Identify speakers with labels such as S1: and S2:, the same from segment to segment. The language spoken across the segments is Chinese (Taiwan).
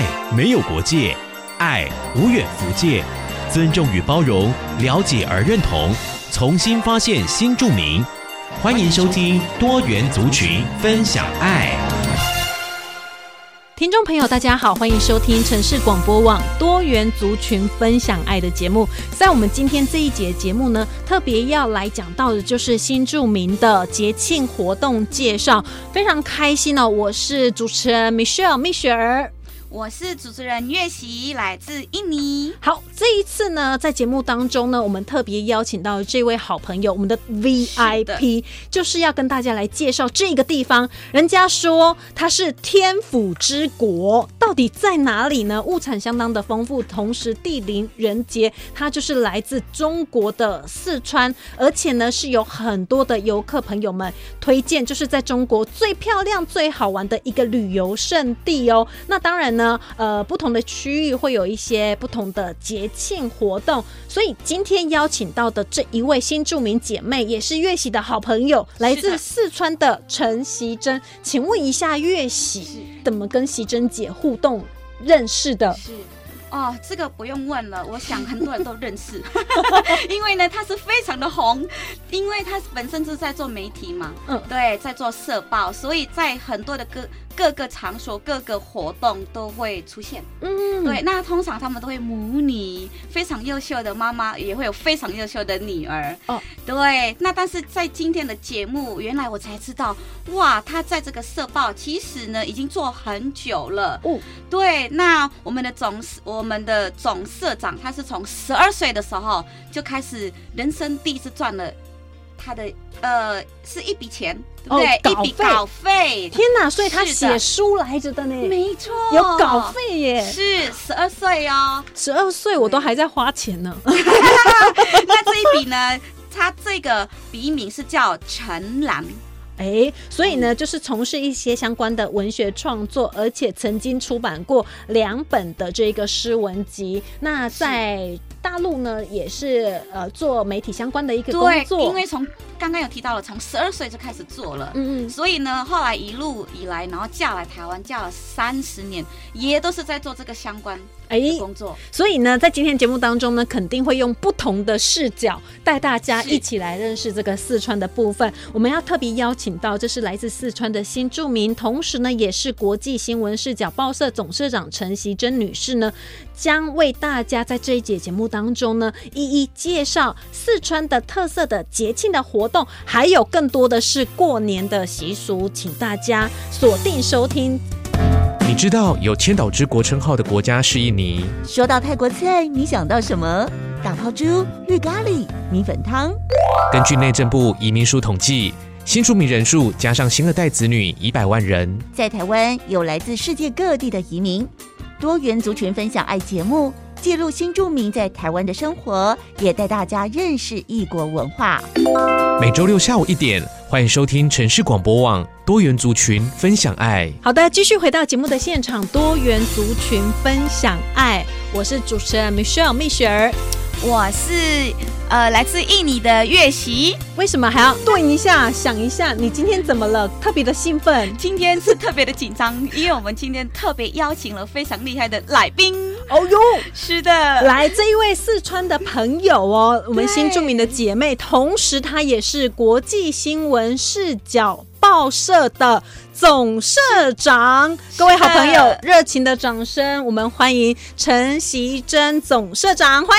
S1: 愛沒有國界，愛無遠弗屆，尊重與包容，了解而認同，重新發現新住民。歡迎收聽多元族群分享愛。
S2: 聽眾朋友，大家好，歡迎收聽城市廣播網多元族群分享愛的節目。在我們今天這一節節目呢，特別要來講到的就是新住民的節慶活動介紹。非常開心呢、哦，我是主持人 Michelle 蜜雪兒。
S3: 我是主持人月喜，來自
S2: 印尼。好，這一次呢，在節目當中呢，我們特別邀請到這位好朋友，我們的 VIP，就是要跟大家來介紹這個地方。人家說它是天府之國，到底在哪裡呢？物產相當的豐富，同時地靈人傑，它就是來自中國的四川，而且呢是有很多的遊客朋友們推薦，就是在中國最漂亮、最好玩的一個旅遊勝地哦。那當然呢。呢，呃，不同的區域會有一些不同的節慶活動，所以今天邀請到的這一位新住民姐妹，也是月喜的好朋友，來自四川的陳習珍。請問一下月，月喜怎麼跟習珍姐互動認識的
S3: 是？是，哦，這個不用問了，我想很多人都認識， 因為呢，她是非常的紅，因為她本身是在做媒體嘛，嗯，對，在做社報，所以在很多的歌。各個場所、各個活動都會出現，嗯，對。那通常他們都會母女，非常優秀的媽媽也會有非常優秀的女兒，哦，對。那但是在今天的節目，原來我才知道，哇，他在這個社報其實呢已經做很久了，哦，對。那我們的總我們的總社長，他是從十二歲的時候就開始人生第一次賺了。他的呃，是一筆錢，對不對？哦、稿費、一筆稿
S2: 費。天哪，所以他寫書來着的呢？是的。沒錯，有稿費耶。是
S3: 十二歲哦，
S2: 十二歲我都還在花錢呢。 那這一筆呢？他這個筆名是叫陳嵐，哎、欸，所以呢，嗯、就是從事一些相關的文學創作，而且曾經出版過兩本的這個詩文集。那在。大陸呢也是呃做媒體相關的一個工作，因為
S3: 從剛剛有提到了，從十二歲就開始做了，嗯嗯，所以呢後來一路以來，然後嫁來台灣，嫁了三十年，也都是在做這個相關。誒、哎，工作。
S2: 所以呢，在今天節目當中呢，肯定會用不同的視角帶大家一起來認識這個四川的部分。我們要特別邀請到，這是來自四川的新住民，同時呢，也是國際新聞視角報社總社長陳習珍女士呢，將為大家在這一節節目當中呢，一一介紹四川的特色的節慶的活動，還有更多的是過年的習俗，請大家鎖定收聽。
S1: 你知道有“千島之國”稱號的國家是印尼。
S2: 說到泰國菜，你想到什麼？
S3: 打拋豬、綠咖喱、米粉湯。
S1: 根據內政部移民署統計，新住民人數加上新二代子女，一百萬人。
S3: 在台灣有來自世界各地的移民，多元族群分享愛節目。記錄新住民在台灣的生
S2: 活，也帶大家認識異國文化。
S1: 每周六下午一點，歡迎收聽城市廣播網多元族群分享愛。
S2: 好的，繼續回到節目的現場，多元族群分享愛。我是主持人 Michelle，蜜雪兒，我是呃來自印尼的月習。為什麼還要頓一下想一下？你今天怎麼了？
S3: 特別的興奮？今天是特別的緊張， 因為我們今天特別邀請了非常厲害的來賓。哦
S2: 呦，是的，來這一位四川的朋友哦， 我們新住民的姐妹，同時她也是國際新聞視角報社的總社長。各位好朋友，熱情的掌聲，我們歡迎陳習珍總社長，歡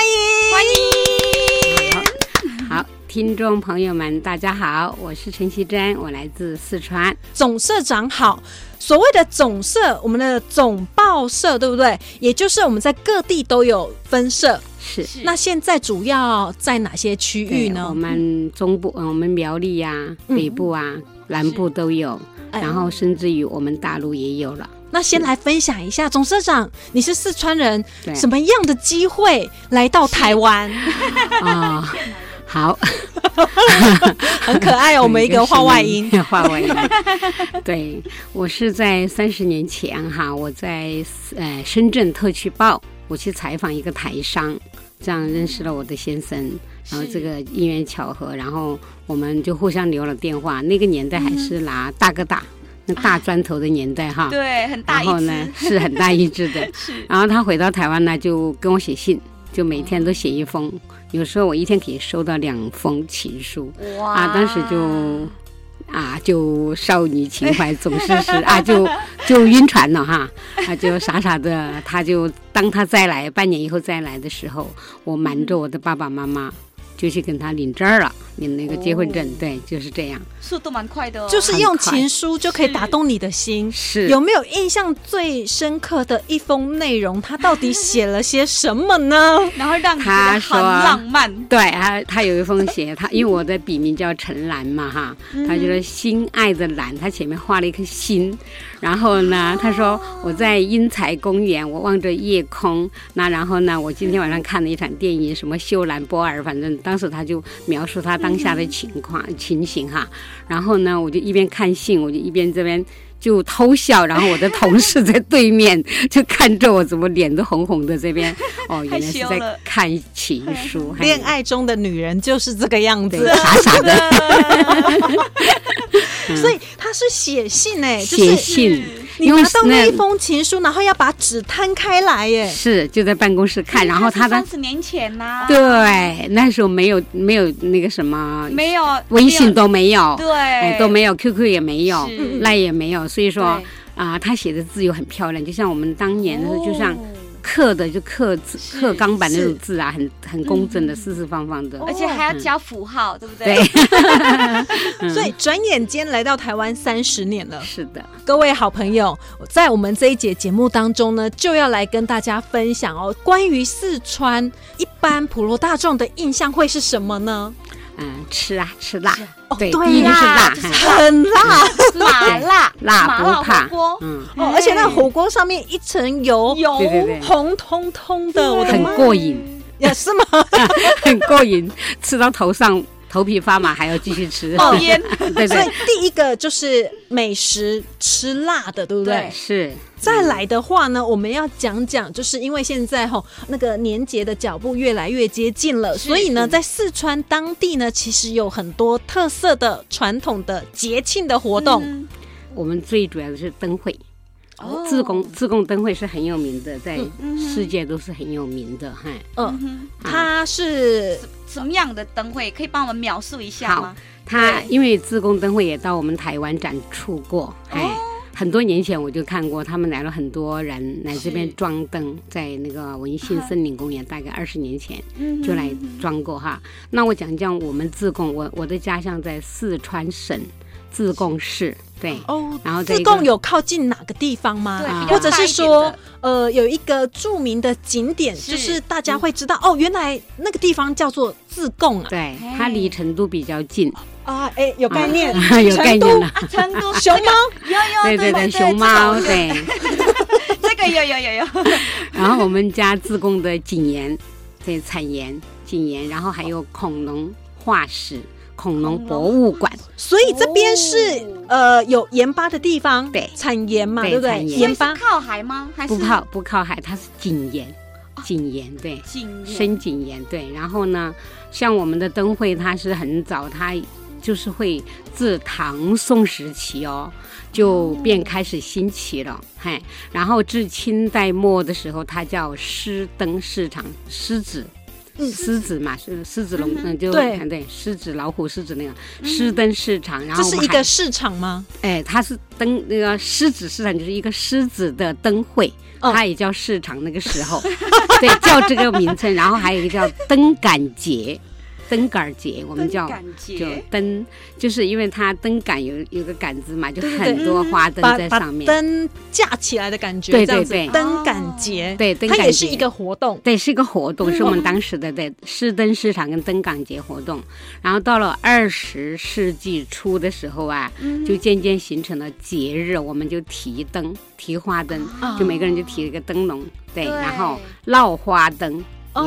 S2: 迎，歡迎
S4: 好好，聽眾朋友們，大家好，我是陳習珍，我來自四川，總社長好。所謂的總社，我們的
S2: 總報社對不對？也就是我們在各地都有分社，是。那現
S4: 在主要在哪些區域呢？我們中部、我們苗栗呀、啊、北部啊、嗯、南部都有，然後甚至於我們大陸也有了。那先來分
S2: 享一下，總社長，你是四川人，什麼樣的機會來到台灣？
S4: 好， 很可愛哦，我們一個畫外音。畫外音， 對，我是在三十年前哈，我在呃深圳特區報，我去採訪一個台商，這樣認識了我的先生，然後這個因緣巧合，然後我們就互相留了電話。那個年代還是拿大哥大，那大磚頭的年代哈。對，很大。然後呢，是很大一只的。然後他回到台灣呢，就跟我寫信。就每天都寫一封，有時候我一天可以收到兩封情書，啊，當時就啊，就少女情懷總是是 啊，就就暈船了哈，啊，就傻傻的，他就當他再來半年以後再來的時候，我瞞着我的爸爸媽媽。就去跟他領證了，領那個結婚證，哦。對，就是這樣。
S3: 速度蠻快的，哦，就是用情書
S4: 就可以打動你的心。是，是，有
S2: 沒有印象最深刻的一封內容？他到底寫了些什麼呢？ 然後讓你很浪漫。
S4: 他對他，他有一封寫 他，因為我的筆名叫陳蘭嘛，哈，嗯、他就說“心愛的蘭”，他前面畫了一顆心。然後呢，啊、他說：“我在英才公園，我望着夜空。那然後呢，我今天晚上看了一場電影，嗯、什麼《秀蘭·波爾》，反正當。”當時他就描述他當下的情況、嗯、情形哈，然後呢，我就一邊看信，我就一邊這邊就偷笑，然後我的同事在對面 就看着我，怎麼臉都紅紅的這、這邊哦，原來是在看情書。戀
S2: 愛中的女人就是這個樣子，傻傻的。 所以他是寫信哎、欸，就是、寫信。嗯
S4: 你拿到那一封
S2: 情書，然後要把紙攤開來，耶！
S4: 是就在辦公室看，然後他的他三十
S2: 年前吶、啊，
S3: 對，
S4: 那時候沒有沒有那個什麼，沒有微信都沒有，沒有哎、對，都沒有 QQ 也沒有，LINE 也沒有，所以說啊、呃，他寫的字又很漂亮，就像我們當年的，時、哦、候，就像。刻的就刻字，刻鋼板那種字啊，很很工整的、嗯，四四方方的，而且還要加
S2: 符號，對不
S3: 對？
S4: 對。 所以轉
S2: 眼間來到台灣三十年了。是的，各位好朋友，在我們這一節節目當中呢，就要來跟大家分享哦，關於四川一般普羅大眾的印象會是什麼呢？嗯、吃啊，吃辣，是哦、對，對啊、是辣，就是、很辣、嗯，麻辣，辣不怕。
S4: 嗯，
S2: 哦、哎，而且那火鍋上面一層油，油紅彤彤的，對對對，我的媽很
S4: 過癮，也、 yeah, 是嗎？ 很過癮，吃到頭上。頭皮發麻，還要繼續吃冒煙， 對對。所以
S2: 第一個就是美食，吃辣的，對不對，對？是。再來的話呢、嗯，我們要講講，就是因為現在哈、哦，那個年節的腳步越來越接近了，是是，所以呢，在四川當地呢，其實有很多特色的、傳統的
S4: 節慶的活動。我們最主要的是燈會。自貢、oh. 自貢燈會是很有名的，在世界都是很有名的哈、嗯
S2: 嗯嗯嗯。嗯，它
S3: 是、啊、什麼樣的燈會？可以幫我們描述一下嗎？
S4: 它因為自貢燈會也到我們台灣展出過，哎、嗯嗯，很多年前我就看過，他們來了很多人來這邊裝燈，在那個文心森林公園、啊，大概二十年前就來裝過哈、嗯。那我講講我們自貢，我我的家鄉在四川省。自貢市，對哦，然後自貢有
S2: 靠近哪個地方嗎？對，或者是說，呃，有一個著名的景點，是就是大家會知道，嗯，哦，原來那個
S4: 地方叫做自貢，啊，對，它離成都比較近
S2: 啊，哎，有概念，啊，有概念
S4: 成，啊，都熊貓，有，這，有，個，對對對，對，對，熊貓，對， 這個有有有有。然後我們家自貢的井鹽，對，產鹽，井鹽，然後還有恐龍，哦，化石。恐龍博物館，所以這
S2: 邊是、哦、呃有鹽巴的地方，對，產鹽嘛對，產鹽，對不對？鹽巴靠海嗎？
S4: 不靠，不靠海，它是井鹽、啊，井鹽對井，深井鹽對。然後呢，像我們的燈會，它是很早，它就是會自唐宋時期哦，就便開始興起了，嘿、嗯。然後至清代末的時候，它叫獅燈市場獅子。獅、嗯、子嘛，是、嗯、獅子龍，嗯，就你看對，獅子老虎獅子那個獅燈市場，然後這是一個市場嗎？哎、欸，它是燈那個獅子市場，就是一個獅子的燈會、哦，它也叫市場那個時候， 對叫這個名稱， 然後還有一個叫燈杆節。燈杆節，我們叫燈就燈，就是因為它燈杆有有個杆子嘛，就很多花燈在上面，嗯、燈架起來的感覺，對對對、哦。燈杆節，對燈杆節，它也是一個活動，對，是一個活動，嗯、是我們當時的對市燈市場跟燈杆節活動。嗯、然後到了二十世紀初的時候啊，就漸漸形成了節日，我們就提燈、提花燈，哦、就每個人就提一個燈籠，對，對然後鬧花燈。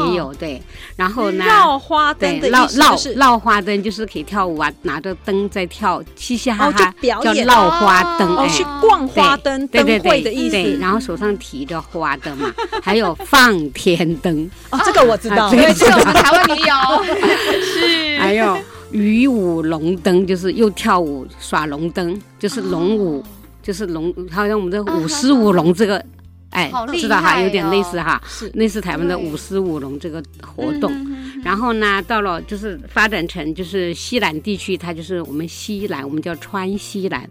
S4: 也有對，然後呢？鬧花燈的意思、就是、鬧，鬧，鬧花燈，就是可以跳舞啊，拿着燈在跳，嘻嘻哈哈、哦表演，叫鬧花燈。哦，哎、去逛花燈燈會的意思。對，對對對對然後手上提着花燈嘛， 還有放天燈。哦，啊、這個我知道，因、啊、為這個我們台灣也有，
S3: 是。還
S4: 有魚舞龍燈，就是又跳舞耍龍燈，就是龍舞、啊就是龍啊，就是龍，好像我們這舞獅舞龍這個。啊好好哎好、哦，知道哈，有點類似哈，是類似台灣的舞獅舞龍這個活動、嗯哼哼哼。然後呢，到了就是發展成就是西南地區，它就是我們西南，我們叫川西南。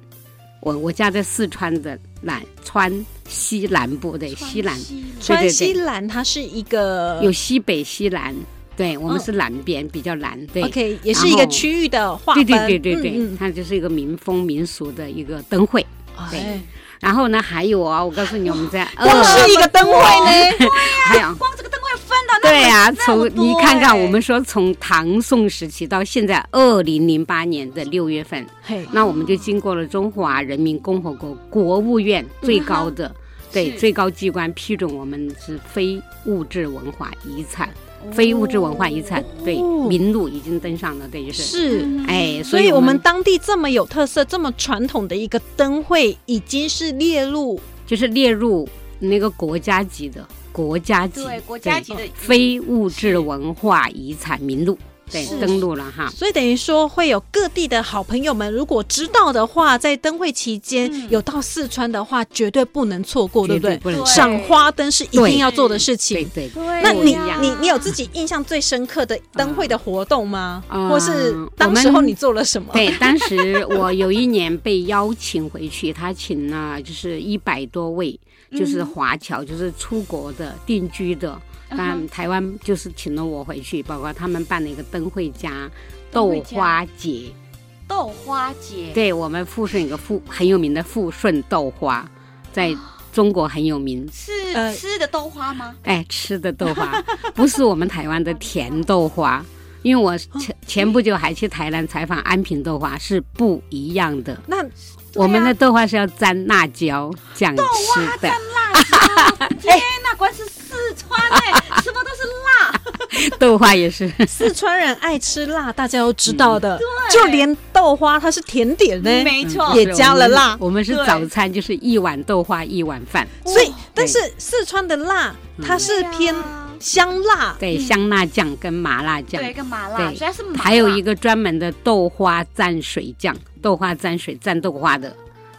S4: 我我家在四川的南，川西南部對西南。川西
S2: 南它是一個有
S4: 西北、西南，對我們是南邊、哦、比較南。對，OK，也是一個區域的劃分，對對對對對、嗯，它就是一個民風民俗的一個燈會。對。哦然後呢，還有啊，我告訴你，我們在光是一個燈會呢，呀、啊，光這個燈會分到那，對呀、啊，從你看看，我們說從唐宋時期到現在二零零八年的六月份，嘿，那我們就經過了中華人民共和國國務院最高的、嗯、對最高機關批准，我們是非物質文化遺產。非物質文化遺產、哦、對名錄、哦、已經登上了，對，就是是、嗯、哎所，所以我們當地這麼有特色、這麼傳統的一個燈會，已經是列入，就是列入那個國家級的國家級國家級的、哦、非物質文化遺產名錄。對，登錄了哈，所以等於說，會有各地的好朋友們，如果知
S2: 道的話，在燈會期間有到四川的話，嗯、絕對不能錯過，對不對？賞花燈是一定要做的事情。對，對對對，那你對、啊、你你，你有自己印象最深刻的燈會的活動嗎？呃、或是當時候你做了什麼？對， 當時
S4: 我有一年被邀請回去，他請了就是一百多位，嗯、就是華僑，就是出國的定居的。那、uh -huh. 嗯、台灣就是請了我回去，包括他們辦了一個燈會加豆花節，
S3: 豆花節，對我
S4: 們富順一個富很有名的富順豆花，在中國很有名，哦、是、
S3: 呃、吃的豆花嗎？
S4: 哎、欸，吃的豆花 不是我們台灣的甜豆花， 因為我前、哦、前不久還去台南採訪安平豆花，是不一樣的，那、啊、我們的豆花是要沾辣椒醬吃的。
S3: 哎、天，果然是四川哎、欸， 什麼都是辣，
S4: 豆花也是。
S2: 四川人愛吃辣，大家都知道的，嗯。對，就連豆花它是甜點的、嗯，沒錯，也加了辣。嗯、我們、我們是早
S4: 餐就是一碗豆花一碗飯，哦、對，所以但是四川的辣它是偏香辣，嗯、對、啊嗯、香辣醬跟麻辣醬，對一個麻辣，對，主要是麻辣還有一個專門的豆花蘸水醬，豆花蘸水蘸豆花的，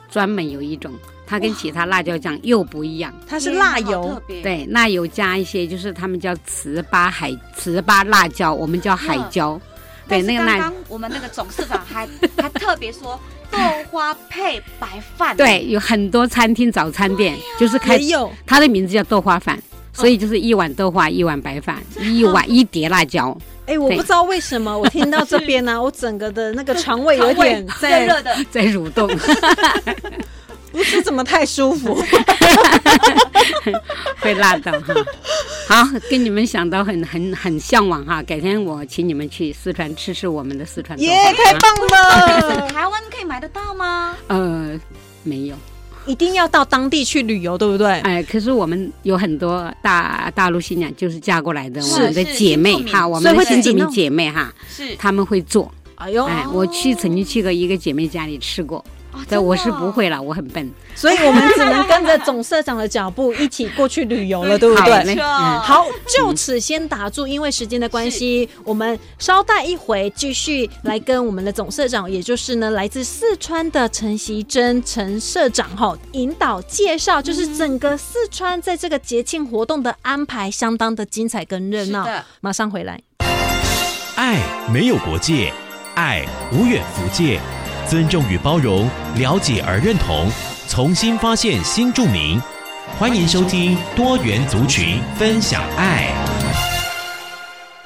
S4: 專門有一種。它跟其他辣椒醬又不一樣，它是辣油，對，辣油加一些，就是他們叫糍粑海，糍粑辣椒，我們叫海椒，嗯、對，那個辣。剛剛
S3: 我們那個董事長還 還特別說，豆花配白
S4: 飯。對，有很多餐廳、早餐店就是開，沒有，它的名字叫豆花飯、嗯，所以就是一碗豆花，一碗白飯，啊、一碗一碟辣椒。
S2: 哎，我不知道為什麼，我聽到這邊呢、啊，我整個的那個腸胃有點 在熱的
S4: 在蠕動。 不是怎麼太舒服， 會辣到哈。好，跟你們想到很很很嚮往哈。改天我請你們去四川吃吃我們的四川菜。耶、yeah, 啊，太棒了！
S3: 台灣可以買得
S4: 到嗎？呃，沒有。一定要到當地去旅遊，對不對？哎、呃，可是我們有很多大大陸新娘就是嫁過來的，我們的姐妹哈，我們的姐妹、啊哈、的新姐妹，嗯、姐妹哈，是，他們會做。哎呦，嗯、我去曾經去過一個姐妹家裡吃過。這、哦哦、我是不會了，我很笨，所以我們只能
S2: 跟着總社長的腳步一起過去旅遊了， 對不對？好沒錯。嗯？好，就此先打住，因為時間的關係，我們稍待一回，繼續來跟我們的總社長， 也就是呢來自四川的陳習珍陳社長哈，引導介紹，就是整個四川在這個節慶活動的安排相當的精彩跟熱鬧，馬上回來。
S1: 愛沒有國界，愛無遠弗屆。尊重與包容，了解而認同，重新發現新住民。歡迎收聽多元族群分享愛。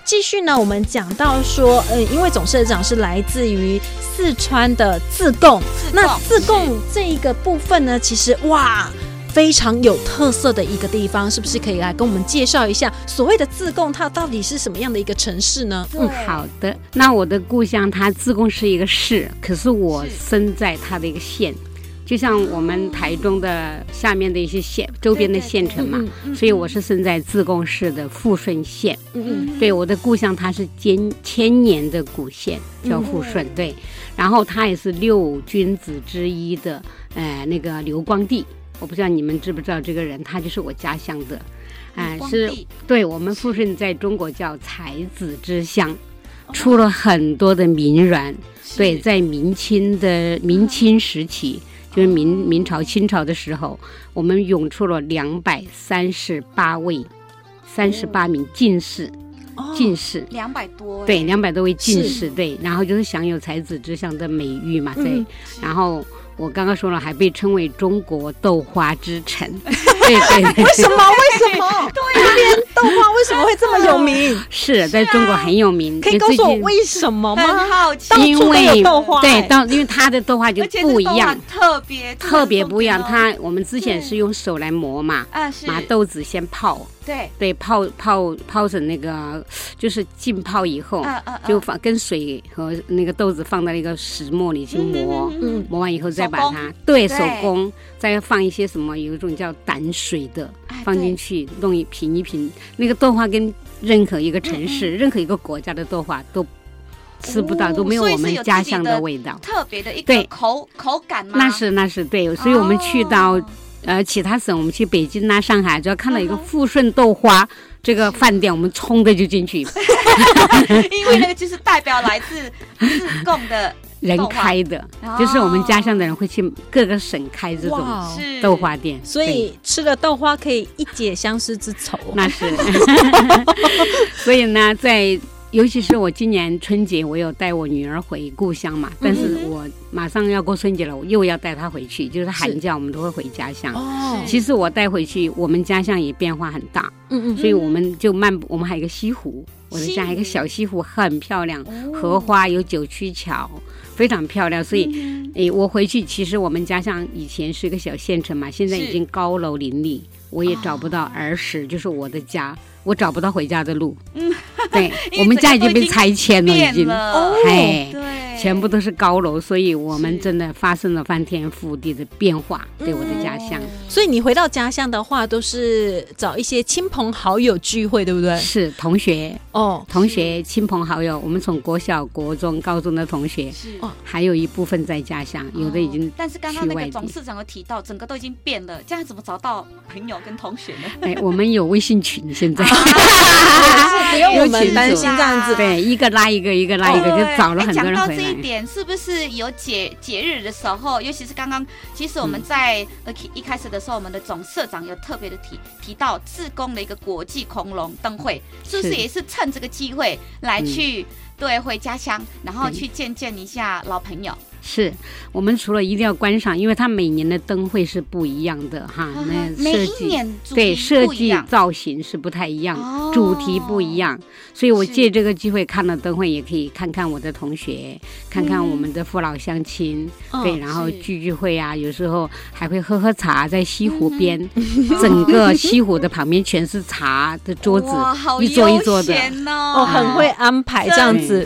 S2: 繼續呢，我們講到說，呃、嗯，因為總社長是來自於四川的自貢，自貢。那自貢這一個部分呢，其實哇。非常有特色的一個地方，是不是可以來跟我們介紹一下所謂的自貢，它到底是什麼樣的一個城市
S4: 呢？嗯，好的。那我的故鄉，它自貢是一個市，可是我生在它的一個縣，就像我們台中的下面的一些縣、嗯、周邊的縣城嘛，對對嗯嗯，所以我是生在自貢市的富順縣。嗯嗯，嗯。對我的故鄉，它是千千年的古縣，叫富順嗯嗯嗯。對，然後它也是六君子之一的，呃，那個劉光第。我不知道你們知不知道這個人，他就是我家鄉的，啊、呃嗯，是，是對，我們富順在中國叫才子之鄉，哦、出了很多的名媛，對，在明清的明清時期，哦、就是明明朝清朝的時候，哦、我們湧出了兩百三十八位，三十八名進士，進、哦、士，兩百多，對，兩百多位進士，對，然後就是享有才子之鄉的美譽嘛，對、嗯，然後。我剛剛說了，還被稱為中國豆花之城， 對對，對。 為什麼？為什
S1: 麼？對他、
S4: 啊、這邊豆花為什麼會這麼有名？是在中國很有名。啊、可以告訴我為
S2: 什麼嗎？好奇因為，很好奇因為豆花、欸、對，對，
S4: 當 因為它的豆花就不一樣，特別特別不一樣。它我們之前是用手來磨嘛、啊，把豆子先泡。對,對，泡泡泡成那個，就是浸泡以後，啊啊啊、就放跟水和那個豆子放到那個石磨裡去磨、嗯嗯嗯嗯，磨完以後再把它對，對，手工，再放一些什麼，有一種叫膽水的、哎、放進去，弄一品一品，那個豆花跟任何一個城市、嗯嗯、任何一個國家的豆花都吃不到，哦、都沒有我們家鄉,有家鄉的味道，特別的一個口對口口感嘛。那是那是對，所以我們去到。哦呃，其他省我們去北京吶、啊、上海，只要看到一個富順豆花這個飯店，我們衝着就進去。 因
S2: 為那個就是代表來自自貢的
S4: 人開的、哦，就是我們家鄉的人會去各個省開這種豆花店，所
S2: 以吃了豆花可以一解相思之愁。那是，
S4: 所以呢，在。尤其是我今年春節，我有帶我女兒回故鄉嘛，嗯、但是我馬上要過春節了，我又要帶她回去。就是寒假我們都會回家鄉。哦，其實我帶回去，我們家鄉也變化很大。嗯嗯。所以我們就漫步，我們還有一個西湖，西我的家還有一個小西湖，很漂亮，哦、荷花有九曲橋，非常漂亮。所以、嗯、誒，我回去其實我們家鄉以前是一個小縣城嘛，現在已經高樓林立，我也找不到兒時、哦、就是我的家。我找不到回家的路。嗯，對，我們家已經被拆遷了，已經，哦、哎。對，全部都是高樓，所以我們真的發生了翻天覆地的變化。嗯、對，我的家鄉。
S2: 所以你回到家鄉的話，都是
S4: 找一些親朋好友聚會，對不對？是同學，哦，同學、親朋好友，我們從國小、國中、高中的同學，是哦，還有一部分在家鄉，哦、有的已經，但是剛剛那個董事
S3: 長有提到，整個都已經變了，這樣怎麼找到朋友跟同
S4: 學呢？哎，我們有微信群，現在。 哈哈哈哈，不用我們擔心這樣子。啊、對，一個拉一個，一個拉一個，oh, 就找了很多人回來。你講到這一點，是不是有
S3: 節節日的時候，尤其是剛剛，其實我們在、嗯、一開始的時候，我們的總社長有特別的提、提到自貢的一個國際恐龍燈會，是，是不是也是趁這個機會來去、嗯、對回家鄉，然後去見見一下老朋友？嗯嗯
S4: 是，我們除了一定要觀賞，因為它每年的燈會是不一樣的哈，那設計對設計造型是不太一樣、哦，主題不一樣，所以我借這個機會看了燈會，也可以看看我的同學，看看我們的父老鄉親，嗯、對、哦，然後聚聚會啊，有時候還會喝喝茶，在西湖邊、嗯，整個西湖的旁邊全是茶的桌子， 哦、一桌一桌的，哦，很會安排這樣子。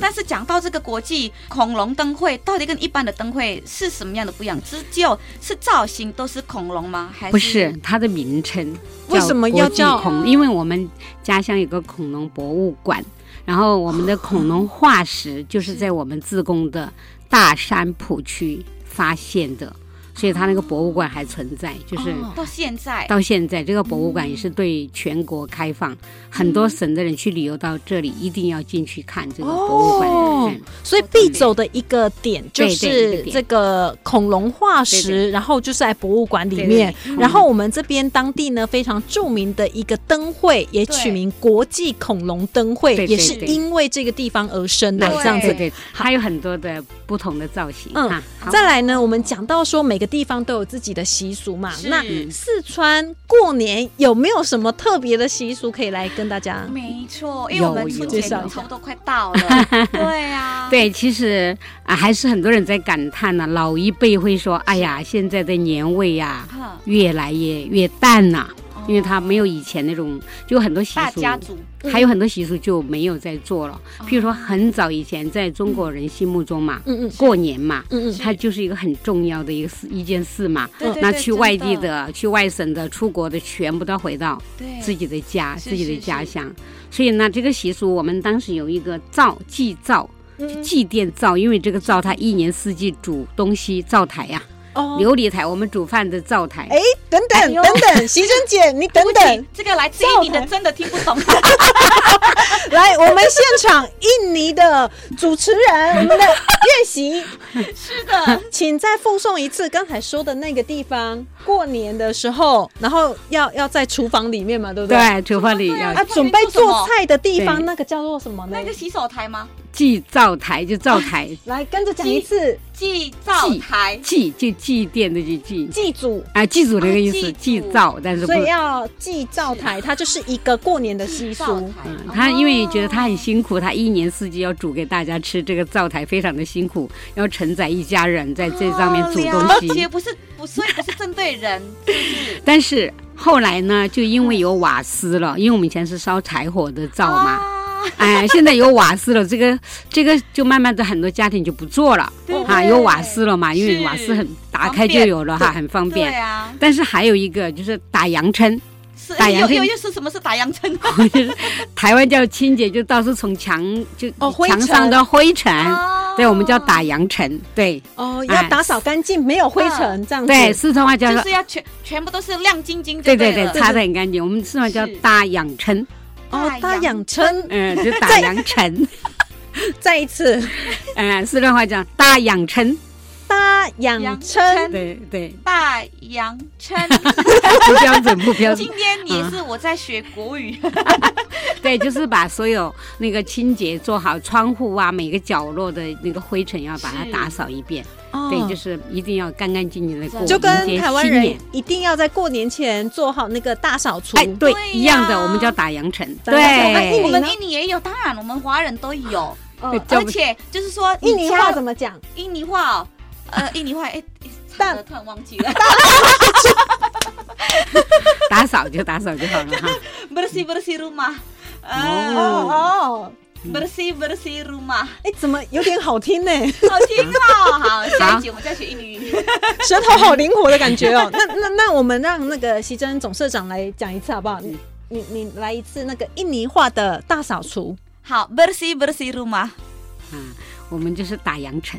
S3: 但是講到這個國際恐龍燈會。跟一般的燈會是什麼樣的不一樣？是就是造型都是恐龍嗎？還是不是，
S4: 它的名稱為什麼要叫恐龍？因為我們家鄉有個恐龍博物館，然後我們的恐龍化石就是在我們自貢的大山鋪區發現的。所以它那個博物館還存在，就是、哦、
S3: 到現在到
S4: 現在、嗯、這個博物館也是對全國開放，嗯、很多省的人去旅遊到這裡一定要進去看這個博物館。哦，所以必
S2: 走的一個點就是這個恐龍化石，然後就是在博物館裡面。然後我們這邊當地呢，非常著名的一個燈會，也取名國際恐龍燈會，對對對，也是因
S4: 為這個地方而生的對，這樣子。對，對，還有很多的不同的造型。嗯，啊、好再來呢，我們
S2: 講到說每個。地方都有自己的習俗嘛。那四川過年有沒有什麼特別的習俗可以來跟大家、嗯？沒錯，因為我們春節差不多快到
S4: 了。有有 對呀、啊，對，其實、啊、還是很多人在感嘆呢、啊。老一輩會說：“哎呀，現在的年味呀、啊，越來越淡、啊、越來越淡了、啊。”因為他沒有以前那種，就很多習俗，還有很多習俗就沒有再做了。比、嗯、如說很早以前，在中國人心目中嘛，嗯、過年嘛，他、嗯、它就是一個很重要的一個事一件事嘛。對對對，那去外地的，的、去外省的、出國的，全部都回到自己的家、自己的家鄉。所以呢，這個習俗我們當時有一個灶祭灶，就祭奠灶、嗯，因為這個灶它一年四季煮東西，灶台呀、啊。Oh. 流理台，我們煮飯的灶台。哎、欸，
S2: 等等，
S3: 等等，習、
S4: 哎、珍姐， 你等等，
S3: 這個來自印尼的真的聽不懂。 來，我們現場
S2: 印尼的主持人，我們的練習。 是的， 請再複誦一次剛才說的那個地方。過年的時候，然後要要在廚房裡面嘛，對不對？對、啊，廚房裡要啊，準備做菜的地方，那個叫做什麼呢？那個洗手台嗎？
S4: 祭灶台就灶台。啊、來跟着講一次，
S2: 祭灶
S4: 台，祭就祭奠的祭，祭祖啊，祭祖這個意思。祭灶，但是不所以要
S2: 祭灶台、啊，它就是一個過年的習俗。嗯，
S4: 他因為覺得他很辛苦，他一年四季要煮給大家吃，這個灶台非常的辛苦，要承載一家人在這上面煮東西。而、啊、 不是。
S3: 所以不是針對人
S4: 是不是， 但是後來呢，就因為有瓦斯了、嗯，因為我們以前是燒柴火的灶嘛，哦、哎， 現在有瓦斯了，這個這個就慢慢的很多家庭就不做了，對對對啊，有瓦斯了嘛，因為瓦斯很打開就有了哈，很方便、對啊。但是還有一個就是打揚塵。打揚塵？又又又
S3: 是什麼是打揚塵、啊就
S4: 是？台灣叫清潔，就到處從牆就哦，牆上的灰塵、哦，對，我們叫打揚塵，對，哦，要打掃乾淨，嗯、沒有灰塵、啊、這樣子。對，四川話叫就是要
S3: 全全部都是亮晶晶對，對對對，擦、就、的、是、
S4: 很乾淨。我們四川話叫打揚塵。哦，打揚塵，嗯，就打揚塵。 再一次，嗯，四川話叫打揚塵。大揚塵對對，
S3: 大揚
S4: 塵， 不標準不標準。
S3: 今天也是我在學國語，
S4: 對，就是把所有那個清潔做好，窗戶啊，每個角落的那個灰塵要把它打掃一遍對、哦。對，就是一定要乾乾淨淨的過就跟台灣人
S2: 一定要在過年前做好那個
S4: 大掃除、哎。對，對啊、一樣的，我們叫打揚塵。對，對，對我，我們印
S2: 尼也有，當然我們華
S3: 人都有、啊，而且就是說印尼話，印尼話怎麼講？印尼話哦。呃，印尼話，
S4: 哎，打了突然忘記了打，打掃就打掃就好了。
S3: bersih bersih rumah，哦，
S4: 哦
S2: ，bersih bersih rumah，哎，怎麼有點好聽呢？欸？ 好
S4: 聽哦，好，啊，下一集我們
S3: 再
S2: 學印尼語。 舌頭好靈活的感覺哦，那那那我們讓那個習珍總社長來講一次好不好？ 你你，你來一次那個印尼話的大掃除。好，bersih bersih rumah，
S4: 啊，我們就是打揚塵。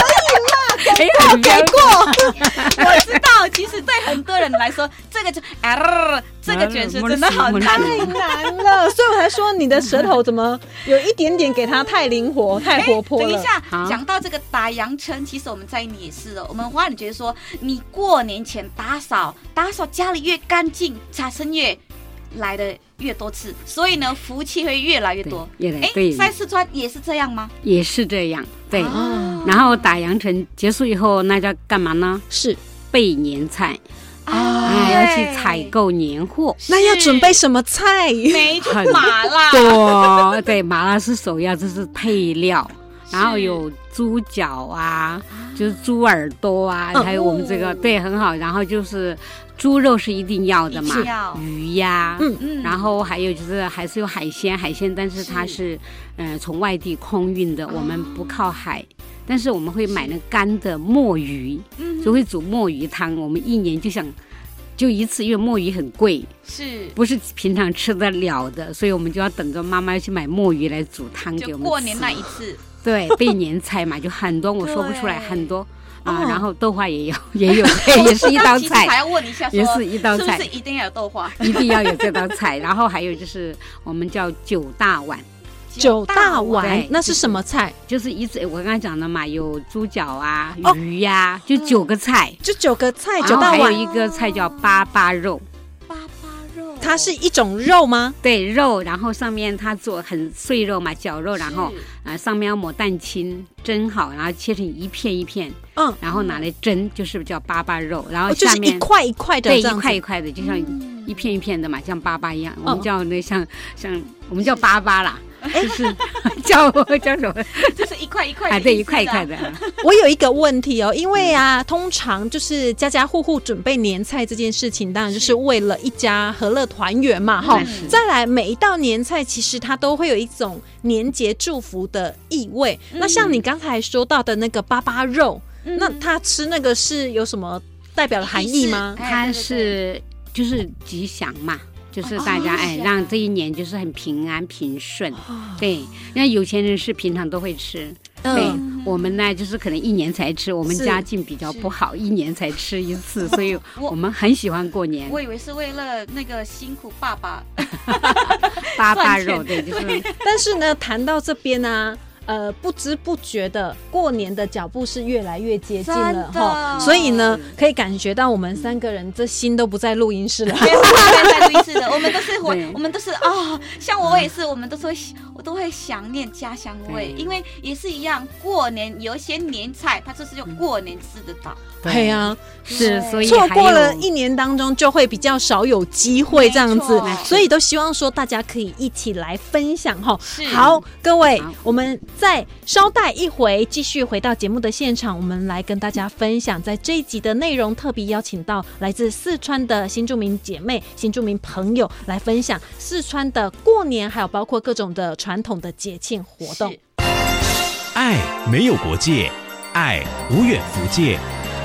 S4: 沒過，給過，我
S2: 知
S3: 道。其實對很多人來說，這個就、呃，這個卷舌真的好
S2: 太難了，所以我才說你的舌頭怎麼有一點點給它太靈活、太活潑了、哎。等一下，講
S3: 到這個打揚塵，其實我們在意你也是哦。我們萬總覺得說，你過年前打掃打掃家裡越乾淨，揚塵越來的越多次，所以呢，福氣會越來越多。哎，在四川也是這樣嗎？
S4: 也是這樣。對、哦，然後打揚塵結束以後，那叫幹嘛呢？是備年菜啊，要、哦、去採購年貨、哦。那要準備什麼菜？ 很麻多辣， 對，麻辣是首要，這、就是配料， 然後有豬腳啊。就是豬耳朵啊，嗯、還有我們這個對很好。然後就是豬肉是一定要的嘛，要魚呀、啊，嗯嗯，然後還有就是還是有海鮮，海鮮但是它是嗯、呃、從外地空運的、嗯，我們不靠海，但是我們會買那乾的墨魚，嗯，就會煮墨魚湯、嗯。我們一年就想就一次，因為墨魚很貴，是，不是平常吃得了的，所以我們就要等着媽媽要去買墨魚來煮湯給我們吃。過年那一次。 對，備年菜嘛，就很多，我說不出來很多啊。呃 oh. 然後豆花也有，也有，也是一道菜。也是一道菜，一,一，道菜是不是一定要
S3: 有豆花？ 一定要有
S4: 這道菜。然後還有就是我們叫九大碗， 九大碗，那是什麼菜？就是、就是、一直我剛剛講的嘛，有豬腳啊、魚呀、啊，oh. 就九個菜，就九個菜，然後九大碗。然後還有一個菜叫粑粑肉。Oh. 它是一種肉嗎、哦？對，肉，然後上面它做很碎肉嘛，絞肉，然後啊、呃、上面要抹蛋清，蒸好，然後切成一片一片，嗯，然後拿來蒸，就是叫粑粑肉，然後下面、哦就是、一塊一塊的對，這樣子、一塊一塊的，就像一片一片的嘛，像粑粑一樣，我們叫、哦、那像像我們叫粑粑啦。哎、欸，就是叫我叫什麼？ 就是一塊一塊的啊啊，對，一塊一塊的、啊。
S2: 我有一個問題哦，因為啊，嗯、通常就是家家戶戶準備年菜這件事情，當然就是為了一家和樂團圓嘛，哈。再來每一道年菜，其實它都會有一種年節祝福的意味。嗯、那像你剛才說到的那個粑粑肉，嗯、那他吃那個是有什麼代表的含義嗎？它
S4: 是就是吉祥嘛。就是大家哎，讓這一年就是很平安平順，對。那有錢人是平常都會吃，對、嗯。我們呢，就是可能一年才吃，我們家境比較不好，一年才吃一次，所以我們很喜歡過年。 我，我
S2: 以為是為了那個辛苦爸爸 ，
S4: 爸爸肉對就是。
S2: 但是呢，談到這邊呢。呃，不知不覺的，過年的腳步是越來越接近了哈，所以呢，可以感覺到我們三個人這心都不在錄音室了。對、嗯、錄 音室的 我，我們
S3: 都是我，我們都是啊，像我也是，啊、我們都說我都會想念家鄉味，因為也是一樣，過年有一些年菜，他就是用過年吃得到。
S2: 對啊，是，所以錯過了一年當中就會比較少有機會這樣子，所以都希望說大家可以一起來分享哈。好，各位，我們。再稍待一回，繼續回到節目的現場，我們來跟大家分享在這一集的內容。特別邀請到來自四川的新住民姐妹、新住民朋友來分享四川的過年，還有包括各種的傳統、的節慶活動。
S1: 愛沒有國界，愛無遠弗屆，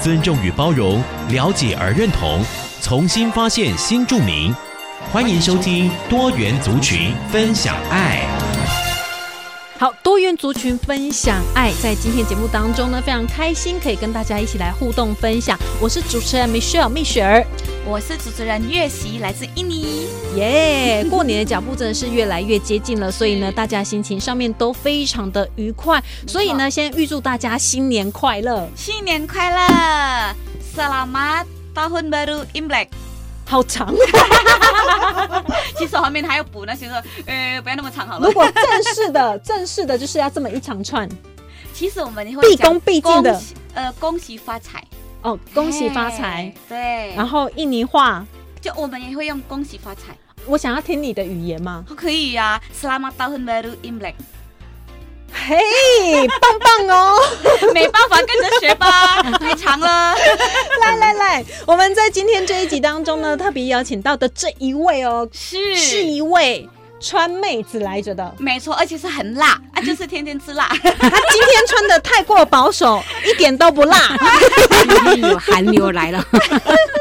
S1: 尊重與包容，了解而認同，重新發現新住民。歡迎收聽多元族群分享愛。
S2: 好，多元族群分享愛，哎，在今天節目當中呢，非常開心可以跟大家一起來互動分享。我是主持人 Michelle 蜜雪兒，我是主持人月汐，來自印尼。耶，yeah，過年的腳步真的是越來越接近了， 所以呢，大家心情上面都非常的愉快。所以呢，先預祝大家新年快樂，新
S3: 年快樂，Selamat Tahun Baru Imlek。好長 其實我後面還要補那些說，呃，不要那麼長好了。如果正式的，
S2: 正式的就是要這麼一長串。
S3: 其實我們也會畢，畢恭畢敬的，呃，恭喜發財
S2: 哦，Oh, 恭喜發財。
S3: 對、hey。然後印尼話，就我們也會用恭喜發財。
S2: 我想要聽你的語言嗎？
S3: 可以呀、啊，Selamat Tahun Baru Imlek
S2: 嘿、hey, 棒棒哦！沒辦法跟着學吧， 太長了。 來來來，我們在今天這一集當中呢， 特別邀請到的這一位哦，是是一位。川妹子來着的，沒錯，而且是很辣啊，就是天天吃辣。 他今天穿的太過保守， 一點都不辣。有寒流來了，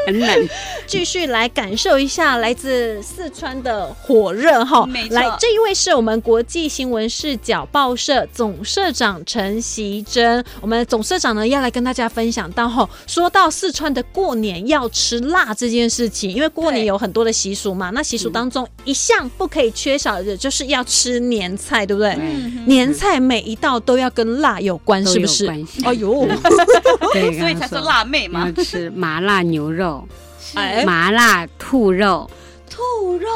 S2: 很冷。繼續來感受一下來自四川的火熱哈。沒錯，這一位是我們國際新聞視角報社總社長陳習珍。我們總社長呢要來跟大家分享到後說到四川的過年要吃辣這件事情，因為過年有很多的習俗嘛，那習俗當中一項不可以缺。缺少的就是要吃年菜，對不對、嗯？年菜每一道都要跟
S4: 辣有關，嗯、是不是？哎呦，對 所以才是辣妹嘛。 吃麻辣牛肉，麻辣兔肉，
S3: 兔肉，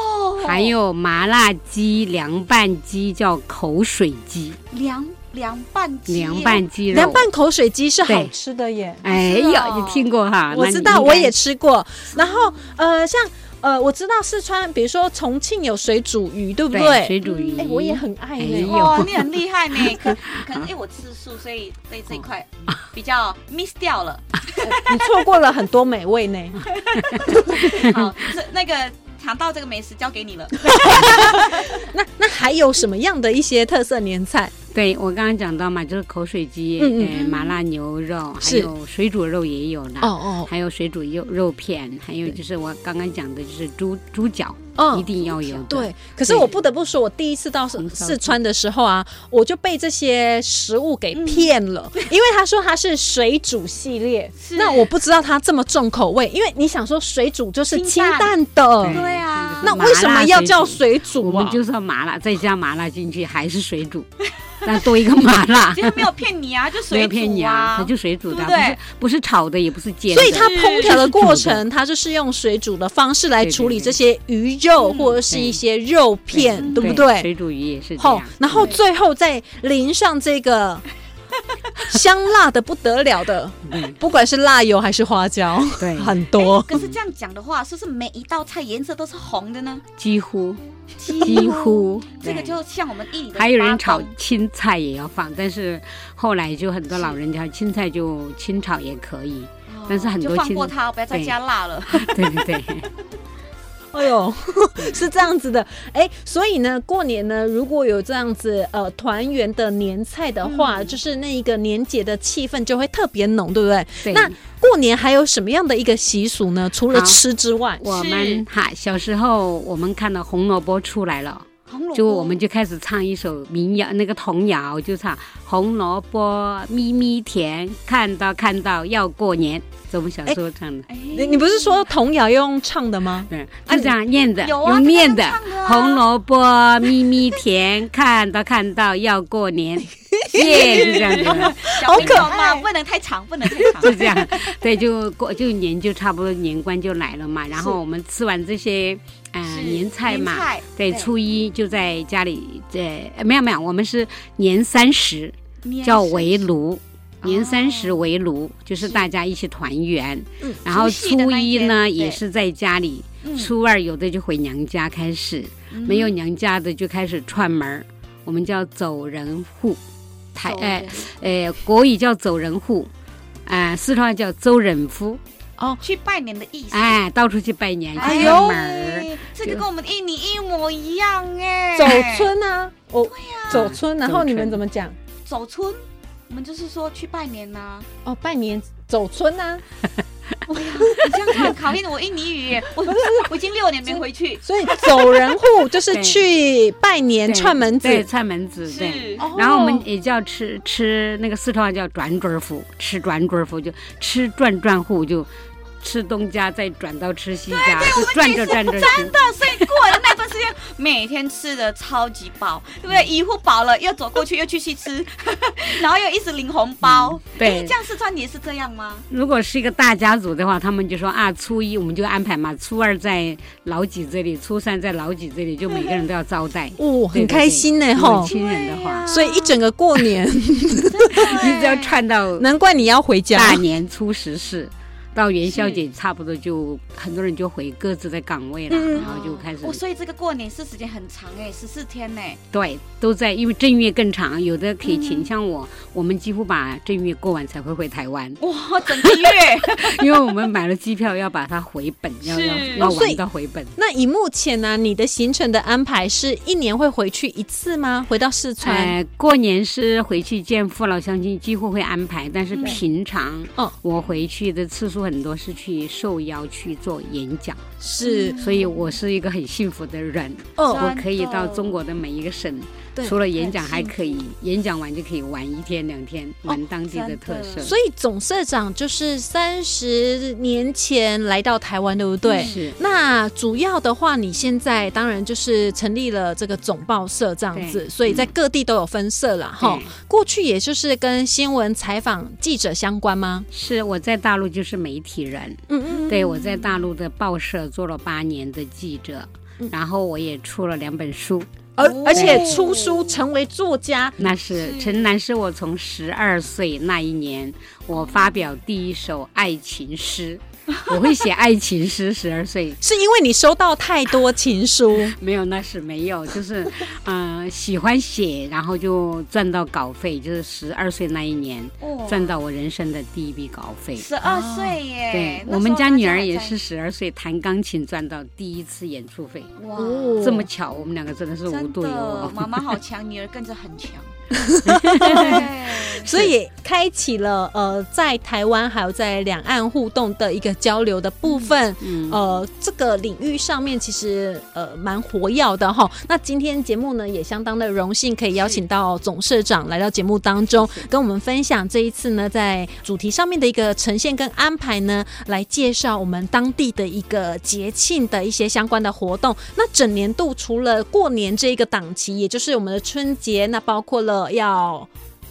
S3: 還有
S4: 麻辣雞、涼拌雞叫口水雞，
S2: 涼涼拌雞，涼拌雞，涼拌雞，涼拌
S4: 口水雞是好
S2: 吃的耶。哎呀、啊，
S4: 你聽過哈？我知
S2: 道，我也吃過。然後呃，像。呃，我知道四川，比如說重慶有水煮魚，對不對？對水煮魚，哎、欸，我也很愛呢、哎。哦，你很厲害呢， 可可能因為我
S3: 吃素，所以對這一塊比較 miss 掉了。
S2: 啊 呃、你錯過了很多美味呢。 好，那
S3: 那個嘗到這個美食交給你了。
S4: 那那還有什麼樣的一些特色年菜？對我剛剛講到嘛，就是口水雞、嗯、呃、麻辣牛肉，還有水煮肉也有啦。哦哦，還有水煮肉肉片，還有就是我剛剛講的就是豬豬腳，一定要有、oh, 對。
S2: 對，可是我不得不說，我第一次到四川的時候啊，我就被這些食物給騙了，嗯、因為他說他是水煮系列 是，那我不知道他這麼重口味，因為你想說水煮就是清淡的，淡對啊，那為什麼要叫
S4: 水煮？我們就算麻辣再加麻辣進去，還是水煮。那 多一個麻辣， 沒有騙你啊，就水煮、啊。沒有騙你啊，它就水煮的、啊，對不對?不是,不是炒的，也不是煎的。所以它烹調的
S2: 過程它的，它就是用水煮的方式來處理這些魚肉對對對或者是一些
S4: 肉片，對,對,對,對不對,對？水煮魚也是這樣。好，
S2: 然後最後再淋上這個。對對對 香辣的不得了的，不管是辣油還是花椒，對，
S4: 很多。可是這樣
S3: 講的話，是不是每一道菜顏色都是紅的呢？
S4: 幾乎，幾乎。幾乎這個
S3: 就像我們地裡還有人
S4: 炒青菜也要放，但是後來就很多老人家青菜就清炒也可以，是但是很多青就放過它，不要再加辣了。對對，對對。 哎呦，是這樣子的，
S2: 哎，欸，所以呢，過年呢，如果有這樣子呃團圓的年菜的話，嗯，就是那一個年節的氣氛就會特別濃，對不對？對。那過年還有什麼樣的一個
S4: 習俗呢？除了吃之
S3: 外，我們
S4: 哈小時候我們看到紅蘿蔔出來了。就我們就開始唱一首民謠，那個童謠就唱紅蘿蔔咪咪甜，看到看到要過年，這我們小時候唱的。你不是說童謠用唱的嗎？對，就這樣念的，用，啊啊，念的。啊，紅蘿蔔咪咪甜，看到看到要過年，耶， 是這樣的。好可愛，不能太長，不能太長。就是這樣，對，就過就年就差不多年關就來了嘛。然後我們吃完這些。嗯、呃，年菜嘛，菜對，初一就在家裡，在沒有沒有，我們是年三十叫圍爐，年三十圍、哦、爐就是大家一起團圓。然後初一呢是也是在家裡、嗯，初二有的就回娘家開始，嗯、沒有娘家的就開始串門兒，我們叫走人戶，台哎、呃呃、國語叫走人戶，啊、呃，四川叫周人夫。哦，去
S3: 拜年的
S4: 意思，哎，到處去拜年，串門兒，哎呦。就這就、個、跟我
S3: 們印尼一模一樣哎。走村呢、啊
S4: 哎？哦，呀、啊，走村。然後你們怎麼講？
S3: 走村，我們就是說去拜年吶、
S2: 啊。哦，拜年走村呢、啊？哎呀，你這
S3: 樣看，考驗我印尼語， 我我我已經六年沒回去。所以走人戶就是去
S4: 拜年串門子，對，對串門子對、哦。然後我們也叫吃吃那個四川話叫轉轉戶，吃轉轉戶就吃轉轉戶就。吃東家再轉到吃西家，對對就轉對我們，轉着轉着真的，所以過了那段時間
S3: 每天吃的超級飽，對不對？嗯、一戶飽了又走過去又去吃， 然後又一直領紅包，嗯、對，這樣四川也是這樣嗎？
S4: 如果是一個大家族的話，他們就說啊，初一我們就安排嘛，初二在老幾這裡，初三在老幾這裡，就每個人都要招待哦對對，很開心呢、欸、年親人的話，啊、 所以一整個過年一直 的對 要串到，難怪你要回家大年初十是。 到元宵節差不多就很多人就回各自的崗位了，嗯、然後就開始。我、哦哦、所
S3: 以這個過年是時間很長哎，十四天呢。
S4: 對，都在因為正月更長，有的可以請像我、嗯，我們幾乎把正月過完才會回台灣。
S2: 哇，
S3: 整個月！
S4: 因為我們買了機票，要把它回本，要要要玩到回本。哦、所
S2: 以那以目前呢、啊，你的行程的安排是一年會回去一次嗎？回到四川、呃、
S4: 過年是回去見父老鄉親，幾乎會安排。但是平常哦，我回去的次數。很多是去受邀去做演講，是，所以我是一個很幸福的人，oh, 我可以到中國的每一個省。除了演講還可以，演講完就可以玩一天兩天、哦，玩當地的特色。所以
S2: 總社長就是三十年前來到台灣，對不對、嗯？是。那主要的話，你現在當然就是成立了這個總報社這樣子，所以在各地都有分社了哈、嗯。過去也就是
S4: 跟新聞採訪記者相關嗎？是，我在大陸就是媒體人。嗯嗯。對，我在大陸的報社做了八年的記者，嗯、然後我也出了兩本書。
S2: 而而且出書成為作家，哦，那是陳
S4: 楠，是我從十二歲那一年，我發表第一首愛情詩。 我會寫愛情詩，十二歲 是因為你收到太多情書？ 沒有，那是沒有，就是，嗯、呃，喜歡寫，然後就賺到稿費，就是十二歲那一年、哦、賺到我人生的第一筆稿費，十二歲耶！對、哦、對我們家女兒也是十二歲彈鋼琴賺到第一次演出費，哇、哦，這麼巧，我們兩個真的是無獨有偶，
S3: 媽、哦、媽好強，女 兒跟着很強。 對
S2: 所以開啟了呃，在台灣還有在兩岸互動的一個交流的部分，呃，這個領域上面其實呃蠻活躍的哈。那今天節目呢也相當的榮幸，可以邀請到總社長來到節目當中，跟我們分享這一次呢在主題上面的一個呈現跟安排呢，來介紹我們當地的一個節慶的一些相關的活動。那整年度除了過年這一個檔期，也就是我們的春節，那包括了要。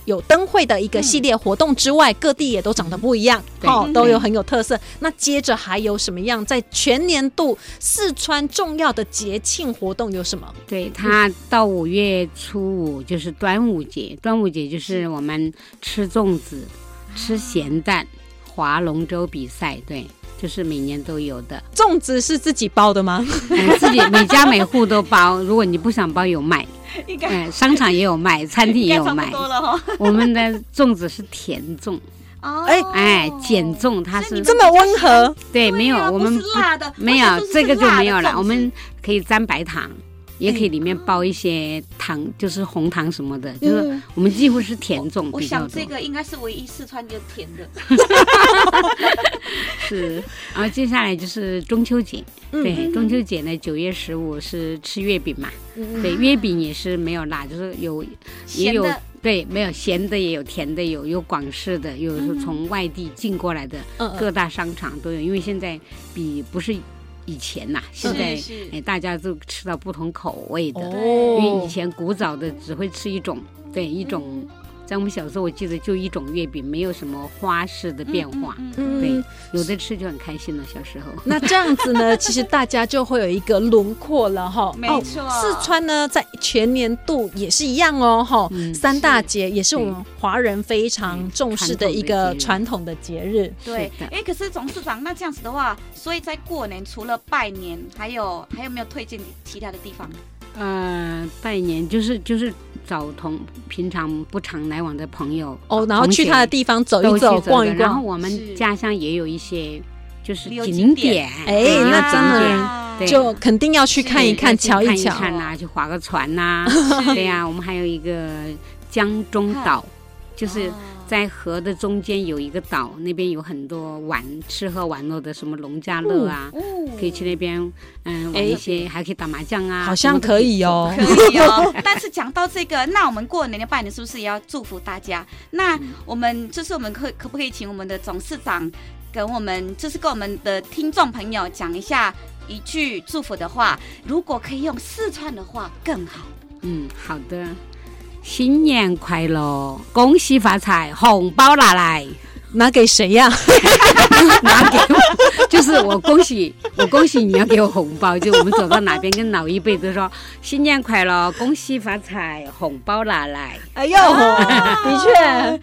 S2: 有燈會的一個系列活動之外，嗯、各地也都長得不一樣，對、哦、都有很有特色。那接着還有什麼樣？在全年度四川重要的節慶活動有什麼？
S4: 對，它到五月初五就是端午節、嗯，端午節就是我們吃粽子、嗯、吃鹹蛋、划、啊、龍舟比賽，對。就是每年都有的。粽子是自己包的嗎？ 嗯、自己每家每戶都包。如果你不想包，有賣，
S3: 應該、嗯、商場
S4: 也有賣，餐廳也有賣。哦、 我們的粽子是甜粽，哎、哦、哎，鹼粽它是，是這麼溫和。對，沒有、啊、我們不，不的沒有的這個就沒有了。我們可以蘸白糖。也可以裡面包一些糖，嗯、就是紅糖什麼的，嗯，就是我們幾乎是甜粽比較多。我，我想這個
S3: 應該是唯一四川就甜的。
S4: 是，然後接下來就是中秋節，嗯、對中秋節呢，九月十五是吃月餅嘛，嗯。對，月餅也是沒有辣，就是有鹹的也有，對，沒有鹹的也有甜的，有有廣式的，有是從外地進過來的，各大商場都有，嗯嗯嗯，因為現在比不是。以前吶、啊，現在、哎、大家都吃到不同口味的、哦，因為以前古早的只會吃一種，對一種。嗯在我們小時候，我記得就一種月餅，沒有什麼花式的變化。嗯，對嗯，有的吃就很開心了。小時候。那
S2: 這樣子呢？ 其實大家就會有一個輪廓了，哈。沒錯、哦。四川呢，在全年度也是一樣哦，哈、嗯。三大節也是我們華人非常重視的一個傳統的節日，嗯嗯、日。對。哎、
S3: 欸，可是董事長，那這樣子的話，所以在過年除了拜年，還有還有沒有推薦其他的地方？嗯、呃，
S4: 拜年就是就是。找同平常不常來往的朋友哦、oh,，然後去他的地方走一走，走、逛一逛。然後我們家鄉也有一些是就是景點，景點哎，那景點對，就肯定要去看一看、瞧一瞧、就是、看吶、啊，去划個船吶、啊， 對呀、啊。我們還有一個江中島， 就是。啊在河的中間有一個島，那邊有很多玩吃喝玩樂的，什麼農家樂啊、嗯嗯，可以去那邊嗯玩一些、欸，還可以打麻將啊，好像可以，可以哦， 可以哦。
S3: 但是講到這個，那我們過年、拜年是不是也要祝福大家？那我們、嗯、就是我們可可不可以請我們的董事長跟我們，就是跟我們的聽眾朋友講一下一句祝福的話？如果可以用四川的話更好。嗯，
S4: 好的。新年快樂，恭喜發財，紅包拿來，拿給誰呀？ 拿給我，就是我恭喜我恭喜你，要給我紅包。就我們走到哪邊，跟老一輩都說 新年快樂，恭喜發財，紅包拿來。
S1: 哎呦，哦、的確， 對、啊，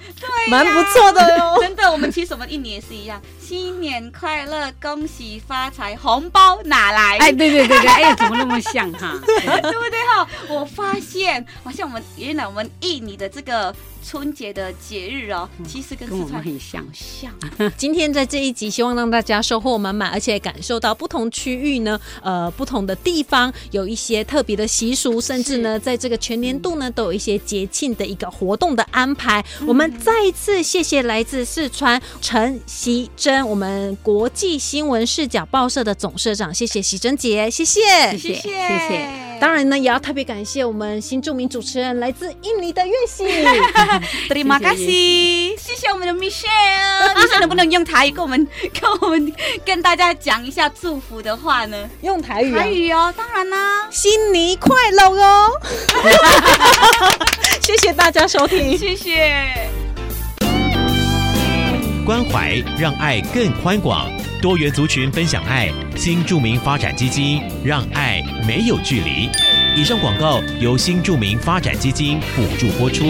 S4: 蠻不錯的喲、哦。真的，我們其
S3: 實我們一年也是一樣。新年快樂，恭喜發財！紅包拿來！哎，對對對對，哎呀，
S4: 怎麼那麼像
S3: 哈？對、 啊、 不對哈？我發現好像我們原來我們印尼的這個春節的節日哦，其實跟四川、嗯、跟我們很相像，像。
S2: 今天在這一集，希望讓大家收穫滿滿，而且感受到不同區域呢，呃，不同的地方有一些特別的習俗，甚至呢，在這個全年度呢，嗯、都有一些節慶的一個活動的安排、嗯。我們再一次謝謝來自四川陳習珍。我們國際新聞視角報社的總社長，謝謝習珍姐，謝謝，謝謝，謝謝。當然呢，也要特別感謝我們新著名主持人，來自印尼的月西，Terima kasih，謝謝我們的 Michelle，你說 能不能用台語跟我們，跟我們，跟大
S3: 家講一下祝福的話呢？用台語、哦，台語哦，當然啦、啊，新年快
S2: 樂哦！ 謝謝大家收聽， 謝謝。
S1: 關懷讓愛更寬廣，多元族群分享愛。新住民發展基金讓愛沒有距離。以上廣告由新住民發展基金補助播出。